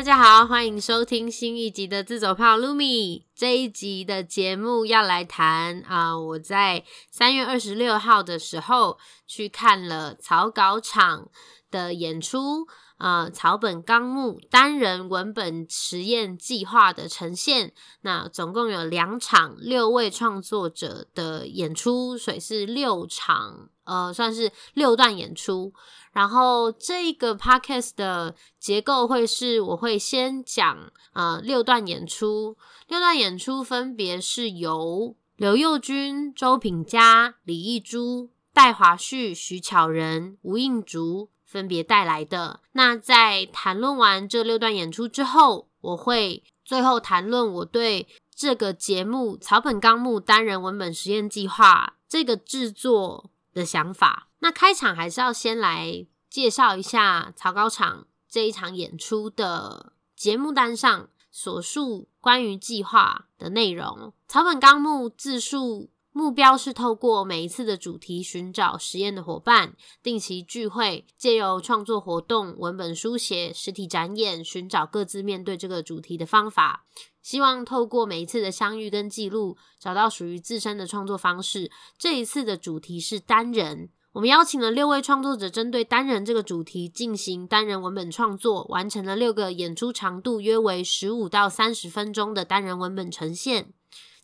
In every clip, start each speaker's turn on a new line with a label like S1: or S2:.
S1: 大家好，歡迎收聽新一集的《自走炮 Lumi》。這一集的節目要來談啊、呃，我在三月二十六號的時候去看了草稿場的演出，呃，《草本綱目》單人文本實驗計劃的呈現，那總共有兩場六位創作者的演出，所以是六場，呃，算是六段演出。然後這個 podcast 的結構會是，我會先講呃六段演出，六段演出分別是由劉佑君、周品佳、李藝珠、戴華旭、徐巧仁、吳映竹。分別帶來的。那在談論完這六段演出之後，我會最後談論我對這個節目《草本綱目單人文本實驗計劃》這個製作的想法。那開場還是要先來介紹一下草稿場這一場演出的節目單上所述關於計劃的內容，《草本綱目》自述。目標是透過每一次的主題尋找實驗的夥伴，定期聚會，借由創作活動、文本書寫、實體展演，尋找各自面對這個主題的方法。希望透過每一次的相遇跟記錄，找到屬於自身的創作方式。這一次的主題是單人，我們邀請了六位創作者，針對單人這個主題進行單人文本創作，完成了六個演出長度約為十五到三十分鐘的單人文本呈現。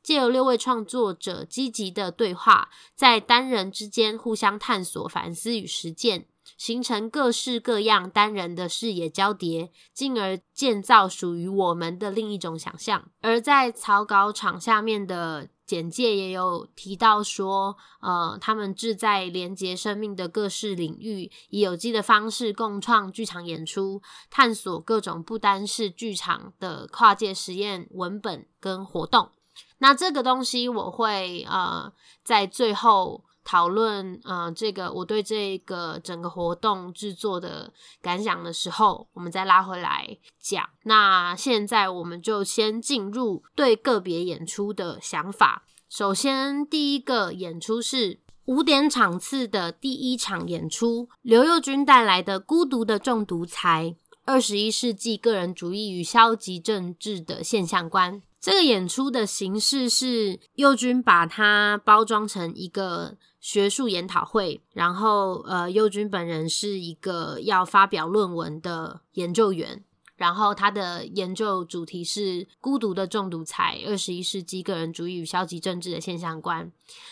S1: 借由六位創作者積極的對話，在單人之間互相探索、反思與實踐，形成各式各樣單人的視野交疊，進而建造屬於我們的另一種想象。而在草稿場下面的簡介也有提到說，呃，他們志在連結生命的各式領域，以有機的方式共創劇場演出，探索各種不單是劇場的跨界實驗文本跟活動。那這個東西我會呃在最後討論，呃，這個我對這個整個活動製作的感想的時候，我們再拉回來講。那現在我們就先進入對個別演出的想法。首先第一個演出是五點場次的第一場演出，劉幼軍帶來的《孤獨的中毒才：二十一世紀個人主義與消極政治的現象觀》。這個演出的形式是宥君把它包裝成一個學術研討會，然後呃，宥君本人是一個要發表論文的研究員，然後他的研究主題是《孤獨的中毒財：二十一世紀個人主義與消極政治的現象觀》。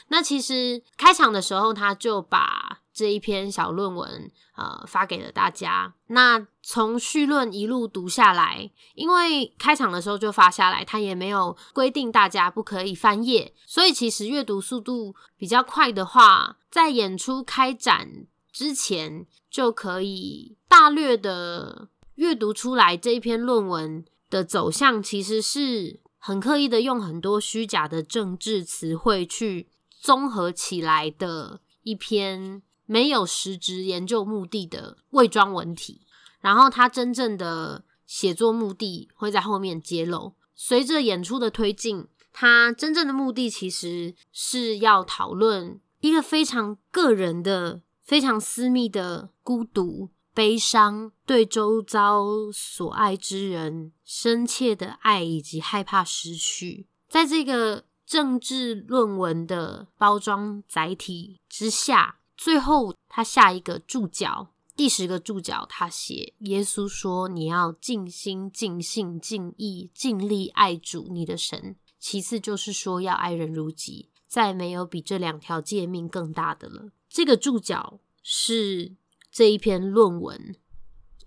S1: 那其實開場的時候，他就把這一篇小論文，呃，發給了大家。那從緒論一路讀下來，因為開場的時候就發下來，它也沒有規定大家不可以翻頁，所以其實閱讀速度比較快的話，在演出開展之前就可以大略的閱讀出來這一篇論文的走向，其實是很刻意的用很多虛假的政治詞彙去綜合起來的一篇。沒有實質研究目的的偽裝文體，然後他真正的寫作目的會在後面揭露。隨着演出的推進，他真正的目的其實是要討論一個非常個人的、非常私密的孤獨、悲傷，對周遭所愛之人深切的愛以及害怕失去，在這個政治論文的包裝載體之下。最後，他下一個注腳，第十個注腳，他寫耶穌說：“你要盡心、盡性、盡意、盡力愛主你的神。其次就是說要愛人如己，再沒有比這兩條誡命更大的了。”這個注腳是這一篇論文、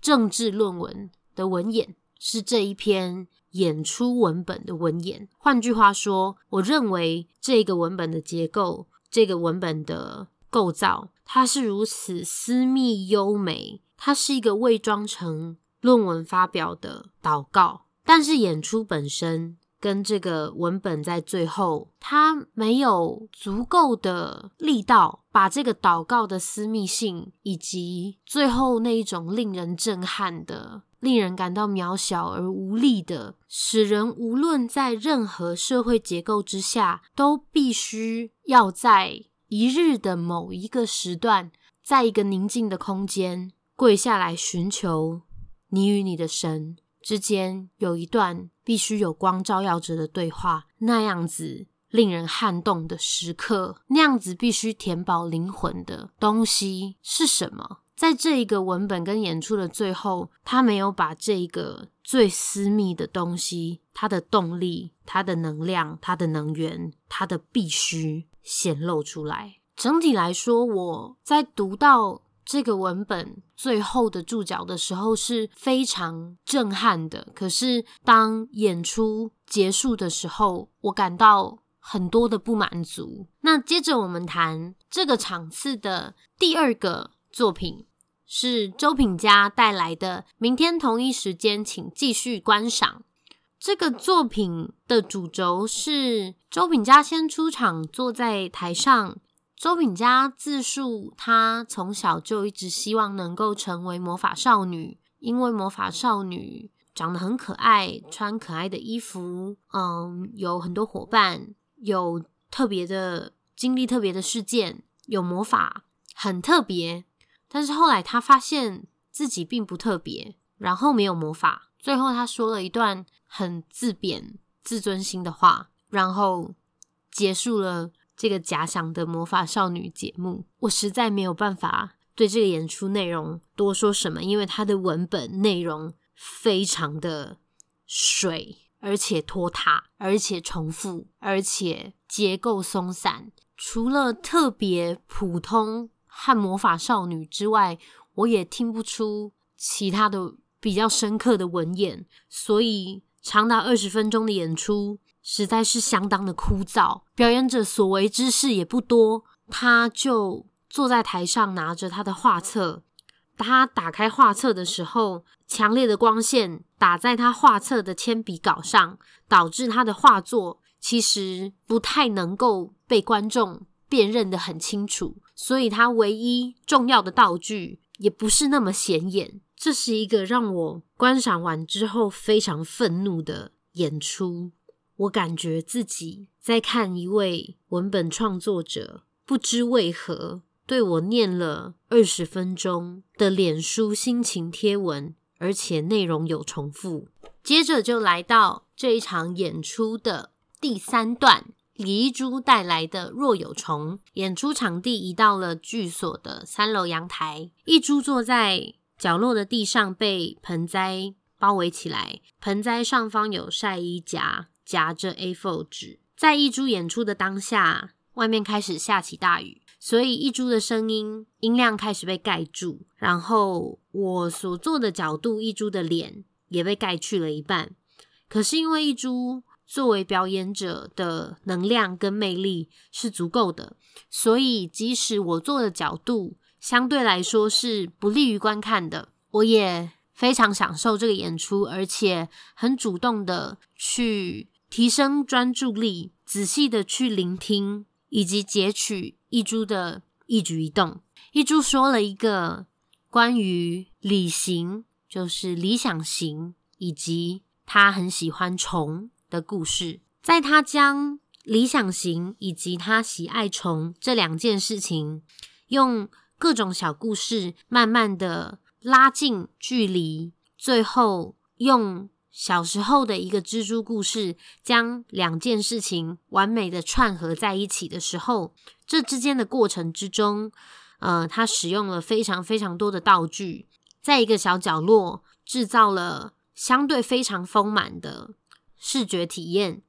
S1: 政治論文的文眼，是這一篇演出文本的文眼。換句話說，我認為這個文本的結構，這個文本的。構造它是如此私密優美，它是一個偽裝成論文發表的禱告，但是演出本身跟這個文本在最後，它沒有足夠的力道，把這個禱告的私密性以及最後那一種令人震撼的、令人感到渺小而無力的，使人無論在任何社會結構之下，都必須要在。一日的某一個時段，在一個寧靜的空間跪下來，尋求你與你的神之間有一段必須有光照耀着的對話。那樣子令人撼動的時刻，那樣子必須填飽靈魂的東西是什麼？在這一個文本跟演出的最後，他沒有把這一個最私密的東西、它的動力、它的能量、它的能源、它的必須。顯露出來。整體來說，我在讀到這個文本最後的注腳的時候是非常震撼的。可是當演出結束的時候，我感到很多的不滿足。那接着我們談這個場次的第二個作品，是周品佳帶來的。明天同一時間，請繼續觀賞。這個作品的主軸是周品佳先出場，坐在台上。周品佳自述，她從小就一直希望能夠成為魔法少女，因為魔法少女長得很可愛，穿可愛的衣服，嗯，有很多夥伴，有特別的經歷、特別的事件，有魔法，很特別。但是後來她發現自己並不特別，然後沒有魔法。最後，他說了一段很自貶、自尊心的話，然後結束了這個假想的魔法少女節目。我實在沒有辦法對這個演出內容多說什麼，因為它的文本內容非常的水，而且拖沓，而且重複，而且結構鬆散。除了特別普通和魔法少女之外，我也聽不出其他的。比較深刻的文演，所以長達二十分鐘的演出實在是相當的枯燥。表演者所為之事也不多，他就坐在台上拿着他的畫冊。他打開畫冊的時候，強烈的光線打在他畫冊的鉛筆稿上，導致他的畫作其實不太能夠被觀眾辨認得很清楚。所以，他唯一重要的道具也不是那麼顯眼。這是一個讓我觀賞完之後非常憤怒的演出。我感覺自己在看一位文本創作者，不知為何對我念了二十分鐘的臉書心情貼文，而且內容有重複。接着就來到這一場演出的第三段，李一珠帶來的若有蟲。演出場地移到了劇所的三樓陽台，一珠坐在。角落的地上，被盆栽包圍起來，盆栽上方有曬衣夾夾着 A4 紙。在一株演出的當下，外面開始下起大雨，所以一株的聲音音量開始被蓋住。然後我所做的角度，一株的臉也被蓋去了一半。可是因為一株作為表演者的能量跟魅力是足夠的，所以即使我做的角度，相對來說是不利於觀看的。我也非常享受這個演出，而且很主動的去提升專注力，仔細的去聆聽以及截取一株的一舉一動。一株說了一個關於理想，就是理想型，以及他很喜歡蟲的故事。在他將理想型以及他喜愛蟲這兩件事情用。各種小故事，慢慢的拉近距離，最後用小時候的一個蜘蛛故事，將兩件事情完美的串合在一起的時候，這之間的過程之中，呃，他使用了非常非常多的道具，在一個小角落製造了相對非常豐滿的視覺體驗。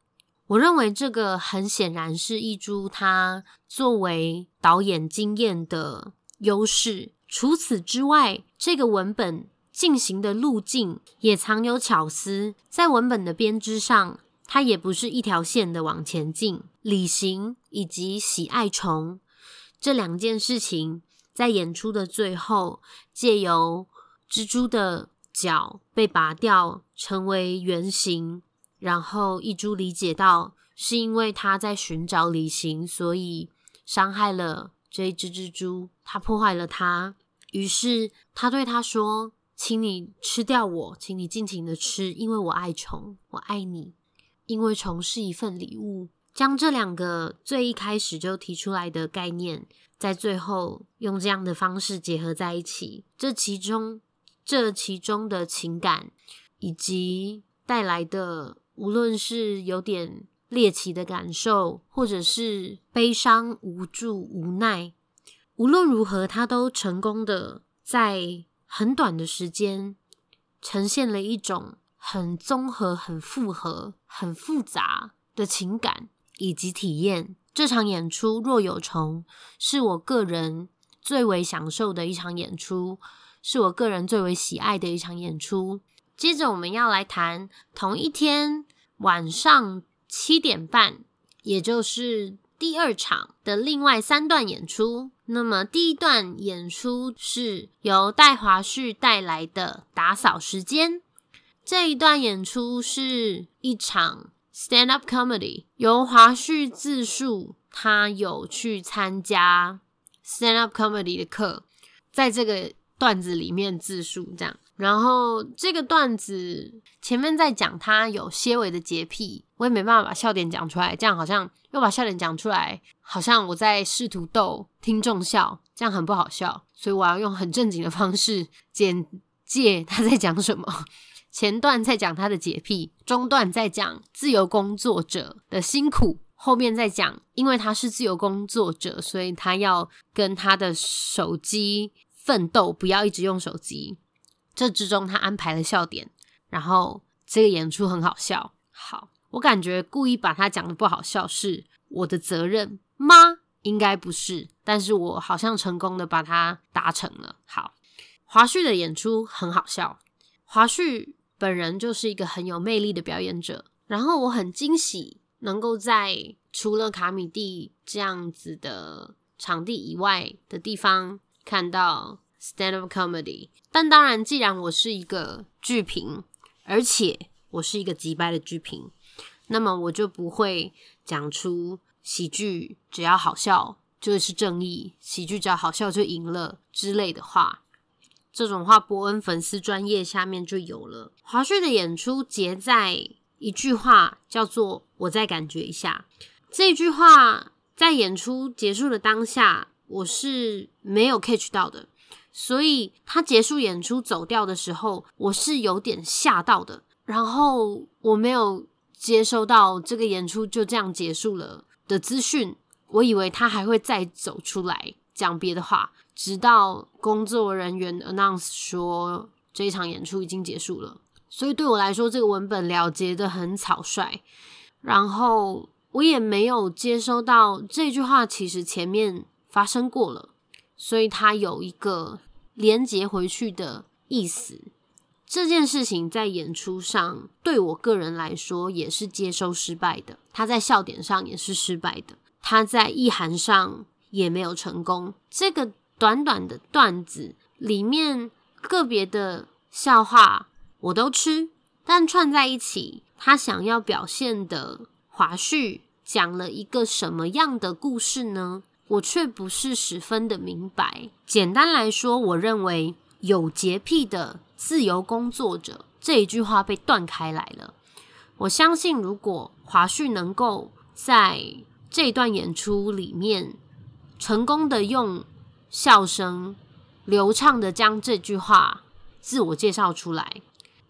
S1: 我認為這個很顯然是一株他作為導演經驗的。優勢。除此之外，這個文本進行的路徑也藏有巧思。在文本的編織上，它也不是一條線的往前進。旅行以及喜愛蟲，這兩件事情，在演出的最後，借由蜘蛛的腳被拔掉成為圓形，然後一株理解到是因為他在尋找旅行，所以傷害了這一只蜘蛛。他破壞了他，於是他對他說：“請你吃掉我，請你盡情的吃，因為我愛蟲，我愛你，因為蟲是一份禮物。”將這兩個最一開始就提出來的概念，在最後用這樣的方式結合在一起，這其中這其中的情感，以及帶來的，無論是有點獵奇的感受，或者是悲傷、無助、無奈。無論如何，他都成功的在很短的時間呈現了一種很綜合、很複合、很複雜的情感以及體驗。這場演出《若有蟲》是我個人最為享受的一場演出，是我個人最為喜愛的一場演出。接着，我們要來談同一天晚上七點半，也就是。第二場的另外三段演出，那麼第一段演出是由戴華旭帶來的打掃時間，這一段演出是一場 stand up comedy，由華旭自述他有去參加 stand up comedy 的課，在這個段子裡面自述這樣。然後這個段子前面在講他有些微的潔癖，我也沒辦法把笑點講出來，這樣好像又把笑點講出來，好像我在試圖逗聽眾笑，這樣很不好笑，所以我要用很正經的方式簡介他在講什麼。前段在講他的潔癖，中段在講自由工作者的辛苦，後面在講因為他是自由工作者，所以他要跟他的手機奮鬥，不要一直用手機。這之中他安排了笑點，然後這個演出很好笑。好，我感覺故意把他講的不好笑是我的責任嗎？應該不是，但是我好像成功的把它達成了。好，華旭的演出很好笑，華旭本人就是一個很有魅力的表演者。然後我很驚喜能夠在除了卡米蒂這樣子的場地以外的地方看到 Stand up comedy，但當然，既然我是一個劇評，而且我是一個直白的劇評，那麼我就不會講出喜劇只要好笑就是正義，喜劇只要好笑就贏了之類的話。這種話，伯恩粉絲專頁下面就有了。華旭的演出結在一句話，叫做“我再感覺一下”。這一句話在演出結束的當下，我是沒有 catch 到的。所以他結束演出走掉的時候，我是有點嚇到的。然後我沒有接收到這個演出就這樣結束了的資訊，我以為他還會再走出來講別的話。直到工作人員 announce 說這一場演出已經結束了，所以對我來說這個文本了結得很草率。然後我也沒有接收到這句話，其實前面發生過了。所以他有一個連接回去的意思，這件事情在演出上，對我個人來說也是接收失敗的。他在笑點上也是失敗的，他在意涵上也沒有成功。這個短短的段子裡面個別的笑話我都吃，但串在一起，他想要表現的華胥講了一個什麼樣的故事呢？我卻不是十分的明白。簡單來說，我認為“有潔癖的自由工作者”這一句話被斷開來了。我相信，如果華胥能夠在這段演出裡面成功的用笑聲流暢的將這句話自我介紹出來，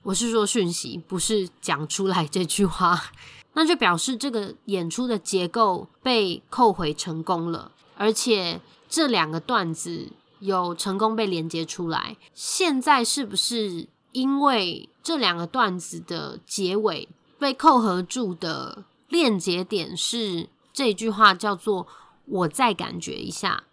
S1: 我是說訊息，不是講出來這句話，那就表示這個演出的結構被扣回成功了。而且這兩個段子有成功被連接出來，現在是不是因為這兩個段子的結尾被扣合住的鏈接點是這句話叫做“我再感覺一下”，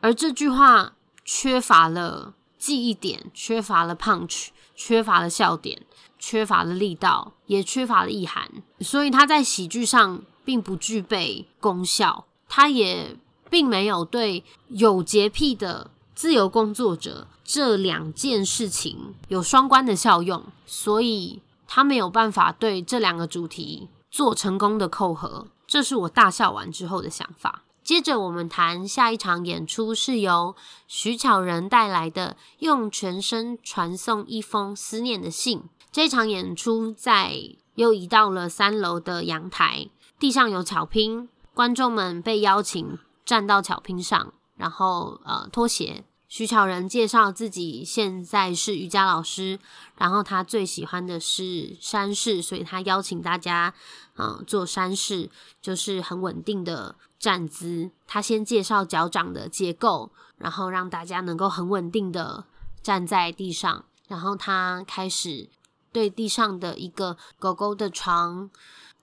S1: 而這句話缺乏了記憶點，缺乏了 punch，缺乏了笑點，缺乏了力道，也缺乏了意涵，所以它在喜劇上並不具備功效，它也。並沒有對有潔癖的自由工作者這兩件事情有雙關的效用，所以他沒有辦法對這兩個主題做成功的扣合。這是我大笑完之後的想法。接着我們談下一場演出，是由徐巧仁帶來的《用全身傳送一封思念的信》。這場演出在又移到了三樓的陽台，地上有巧拼，觀眾們被邀請站到草坪上，然後呃脫鞋。徐巧仁介紹自己現在是瑜伽老師，然後他最喜歡的是山式，所以他邀請大家啊、呃、做山式，就是很穩定的站姿。他先介紹腳掌的結構，然後讓大家能夠很穩定的站在地上。然後他開始對地上的一個狗狗的床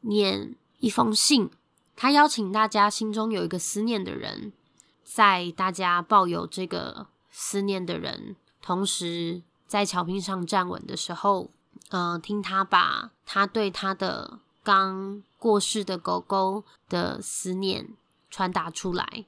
S1: 念一封信。他邀請大家心中有一個思念的人，在大家抱有這個思念的人同時，在草坪上站穩的時候，嗯、呃，聽他把他對他的剛過世的狗狗的思念傳達出來。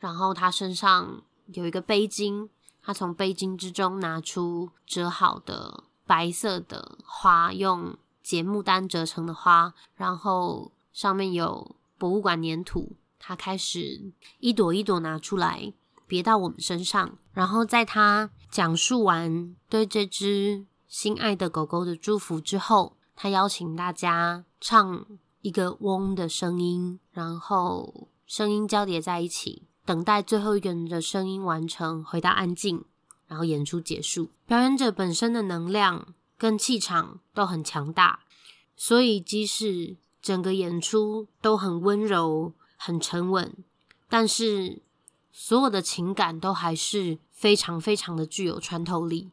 S1: 然後他身上有一個背巾，他從背巾之中拿出折好的白色的花，用節目單折成的花，然後上面有。博物館粘土，他開始一朵一朵拿出來，別到我們身上。然後在他講述完對這隻心愛的狗狗的祝福之後，他邀請大家唱一個嗡的聲音，然後聲音交疊在一起，等待最後一個人的聲音完成，回到安靜，然後演出結束。表演者本身的能量跟氣場都很強大，所以即使。整個演出都很溫柔、很沉穩，但是所有的情感都還是非常非常的具有穿透力。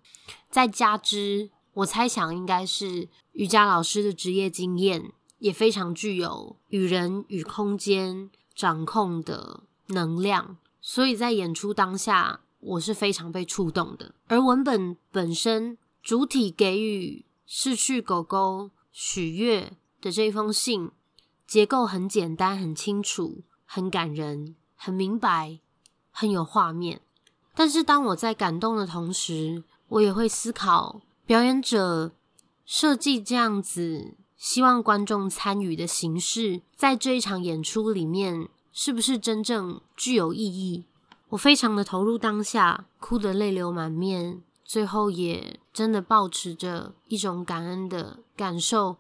S1: 再加之，我猜想應該是瑜伽老師的職業經驗也非常具有與人與空間掌控的能量，所以在演出當下，我是非常被觸動的。而文本本身主體給予失去狗狗許悅的這一封信，結構很簡單，很清楚，很感人，很明白，很有畫面。但是，當我在感動的同時，我也會思考表演者設計這樣子希望觀眾參與的形式，在這一場演出裡面，是不是真正具有意義？我非常的投入當下，哭得淚流滿面，最後也真的抱持着一種感恩的感受。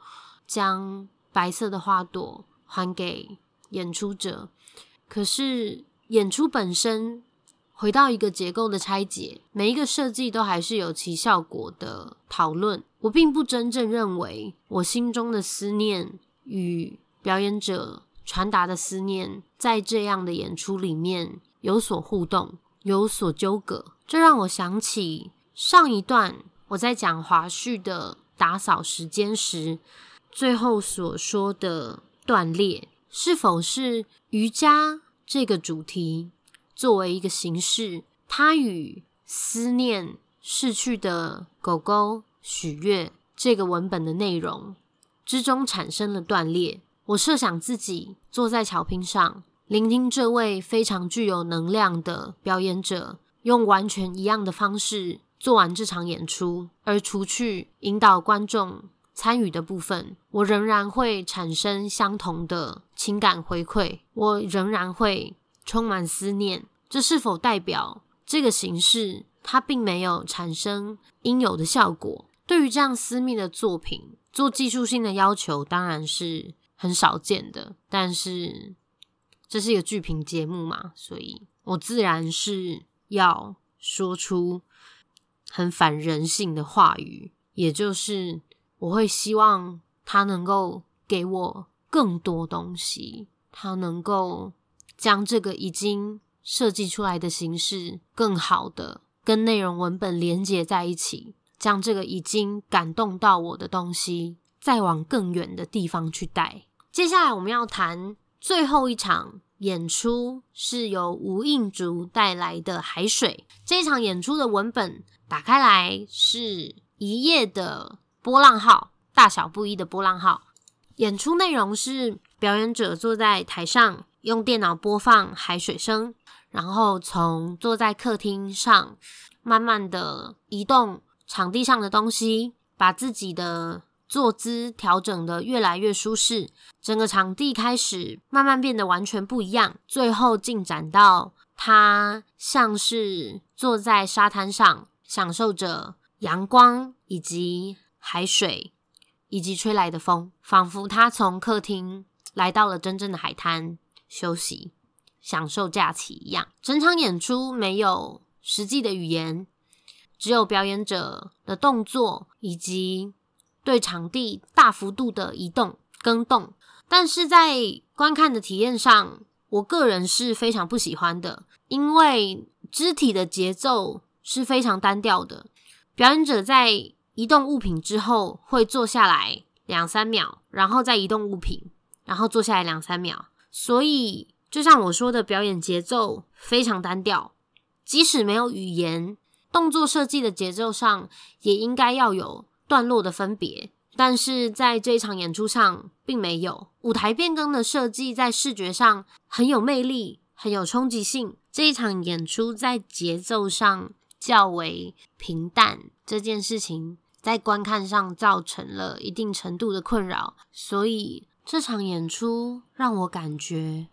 S1: 將白色的花朵還給演出者，可是演出本身回到一個結構的拆解，每一個設計都還是有其效果的討論。我並不真正認為，我心中的思念與表演者傳達的思念在這樣的演出裡面有所互動，有所糾葛。這讓我想起上一段我在講華胥的打掃時間時。最後所說的斷裂，是否是瑜伽這個主題作為一個形式，它與思念逝去的狗狗許悅這個文本的內容之中產生了斷裂？我設想自己坐在草坪上，聆聽這位非常具有能量的表演者用完全一樣的方式做完這場演出，而除去引導觀眾參與的部分，我仍然會產生相同的情感回饋，我仍然會充滿思念。這是否代表這個形式它並沒有產生應有的效果？對於這樣私密的作品，做技術性的要求當然是很少見的。但是這是一個劇評節目嘛，所以我自然是要說出很反人性的話語，也就是。我會希望他能夠給我更多東西，他能夠將這個已經設計出來的形式，更好的跟內容文本連接在一起，將這個已經感動到我的東西，再往更遠的地方去帶。接下來我們要談最後一場演出，是由吳映竹帶來的《海水》。這一場演出的文本打開來是一頁的。波浪號，大小不一的波浪號。演出內容是表演者坐在台上，用電腦播放海水聲，然後從坐在客廳上，慢慢的移動場地上的東西，把自己的坐姿調整得越來越舒適，整個場地開始慢慢變得完全不一樣，最後進展到他像是坐在沙灘上，享受着陽光以及。海水以及吹來的風，仿佛他從客廳來到了真正的海灘休息、享受假期一樣。整場演出沒有實際的語言，只有表演者的動作以及對場地大幅度的移動、更動。但是在觀看的體驗上，我個人是非常不喜歡的，因為肢體的節奏是非常單調的。表演者在。移動物品之後會坐下來兩三秒，然後再移動物品，然後坐下來兩三秒。所以就像我說的，表演節奏非常單調。即使沒有語言，動作設計的節奏上也應該要有段落的分別。但是在這一場演出上並沒有。舞台變更的設計在視覺上很有魅力，很有衝擊性。這一場演出在節奏上較為平淡，這件事情。在觀看上造成了一定程度的困擾，所以這場演出讓我感覺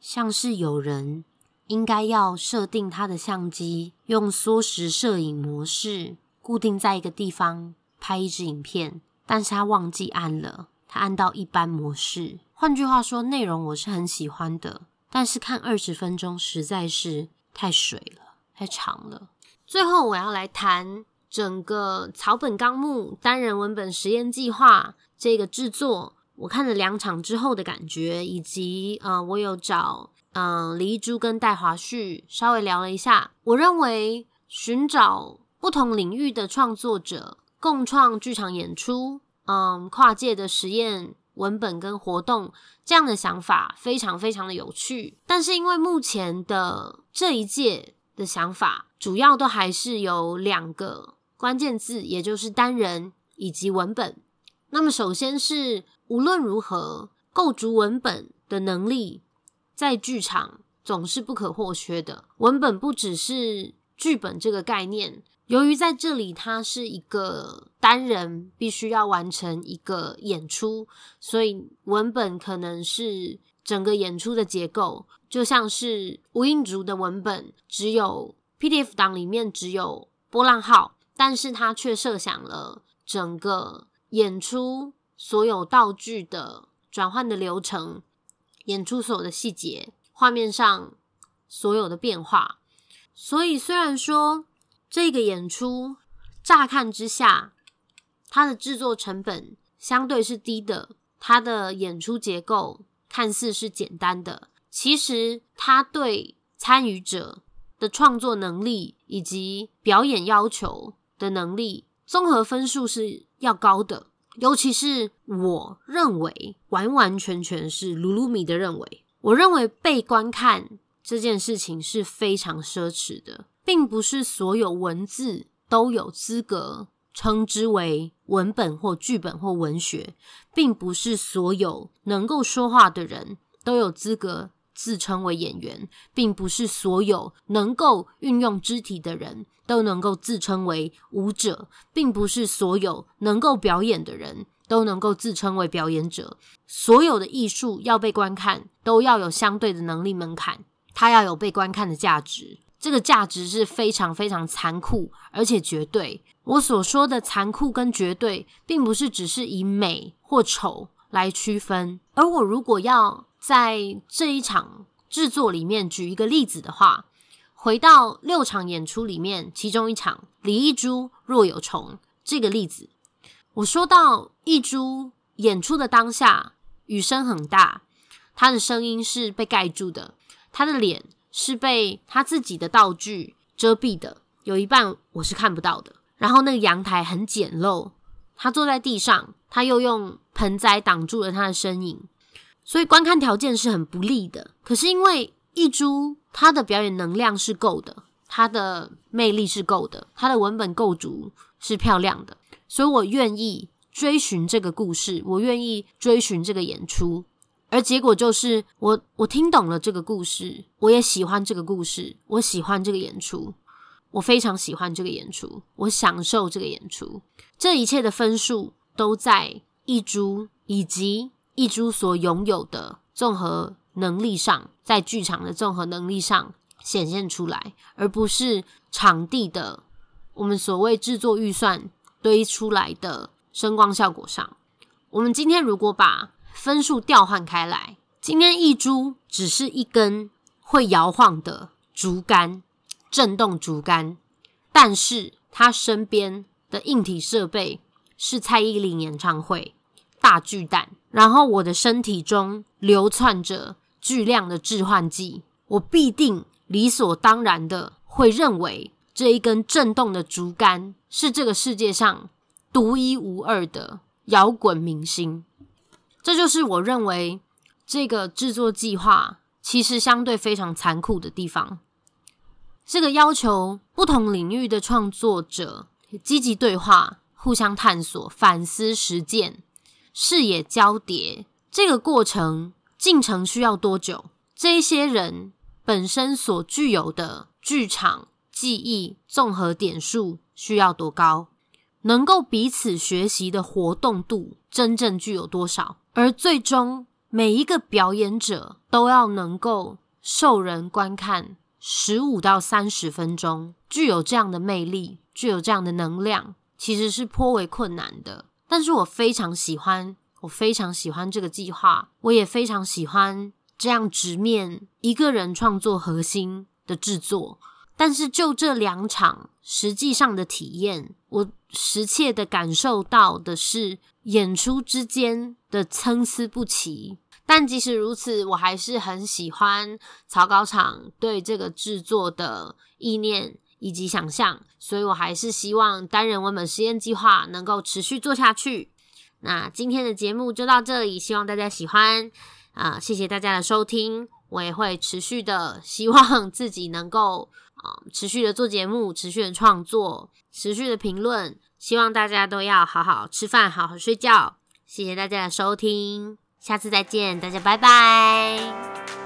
S1: 像是有人應該要設定他的相機用縮時攝影模式，固定在一個地方拍一支影片，但是他忘記按了，他按到一般模式。換句話說，內容我是很喜歡的，但是看二十分鐘實在是太水了，太長了。最後我要來談。整個《草本綱目》單人文本實驗計劃這個制作，我看了兩場之後的感覺，以及呃，我有找嗯李、呃、一珠跟戴華旭稍微聊了一下。我認為尋找不同領域的創作者共創劇場演出，嗯、呃，跨界的實驗文本跟活動這樣的想法非常非常的有趣。但是因為目前的這一屆的想法，主要都還是有兩個。關鍵字，也就是單人以及文本。那麼，首先是無論如何，構築文本的能力在劇場總是不可或缺的。文本不只是劇本這個概念，由於在這裡它是一個單人必須要完成一個演出，所以文本可能是整個演出的結構，就像是無印族的文本，只有 PDF 檔裡面只有波浪號。但是他卻設想了整個演出所有道具的轉換的流程，演出所有的細節，畫面上所有的變化。所以雖然說這個演出乍看之下，它的製作成本相對是低的，它的演出結構看似是簡單的，其實它對參與者的創作能力以及表演要求。的能力綜合分數是要高的，尤其是我認為，完完全全是盧盧米的認為，我認為被觀看這件事情是非常奢侈的，並不是所有文字都有資格稱之為文本或劇本或文學，並不是所有能夠說話的人都有資格自稱為演員，並不是所有能夠運用肢體的人都能夠自稱為舞者，並不是所有能夠表演的人都能夠自稱為表演者。所有的藝術要被觀看，都要有相對的能力門檻，它要有被觀看的價值。這個價值是非常非常殘酷，而且絕對。我所說的殘酷跟絕對，並不是只是以美或醜來區分，而我如果要。在這一場製作裡面，舉一個例子的話，回到六場演出裡面，其中一場李一珠若有蟲這個例子，我說到一珠演出的當下，雨聲很大，他的聲音是被蓋住的，他的臉是被他自己的道具遮蔽的，有一半我是看不到的。然後那個陽台很簡陋，他坐在地上，他又用盆栽擋住了他的身影。所以觀看條件是很不利的，可是因為一株他的表演能量是夠的，他的魅力是夠的，他的文本構築是漂亮的，所以我願意追尋這個故事，我願意追尋這個演出，而結果就是我我聽懂了這個故事，我也喜歡這個故事，我喜歡這個演出，我非常喜歡這個演出，我享受這個演出，這一切的分數都在一株以及一株所擁有的綜合能力上，在劇場的綜合能力上顯現出來，而不是場地的我們所謂製作預算堆出來的聲光效果上。我們今天如果把分數調換開來，今天一株只是一根會搖晃的竹竿，震動竹竿，但是他身邊的硬體設備是蔡依林演唱會，大巨蛋，然後我的身體中流竄着巨量的致幻劑，我必定理所當然的會認為這一根震動的竹竿是這個世界上獨一無二的搖滾明星。這就是我認為這個制作計劃其實相對非常殘酷的地方。這個要求不同領域的創作者積極對話、互相探索、反思實踐。視野交疊這個過程進程需要多久？這一些人本身所具有的劇場記憶綜合點數需要多高？能夠彼此學習的活動度真正具有多少？而最終每一個表演者都要能夠受人觀看十五到三十分鐘，具有這樣的魅力，具有這樣的能量，其實是頗為困難的。但是我非常喜歡，我非常喜歡這個計劃，我也非常喜歡這樣直面一個人創作核心的制作。但是就這兩場實際上的體驗，我深切的感受到的是演出之間的參差不齊。但即使如此，我還是很喜歡草稿廠對這個制作的意念。以及想象，所以我還是希望單人文本實驗計劃能夠持續做下去。那今天的節目就到這裡，希望大家喜歡啊，呃，謝謝大家的收聽，我也會持續的希望自己能夠啊，呃，持續的做節目，持續的創作，持續的評論。希望大家都要好好吃飯，好好睡覺。謝謝大家的收聽，下次再見，大家拜拜。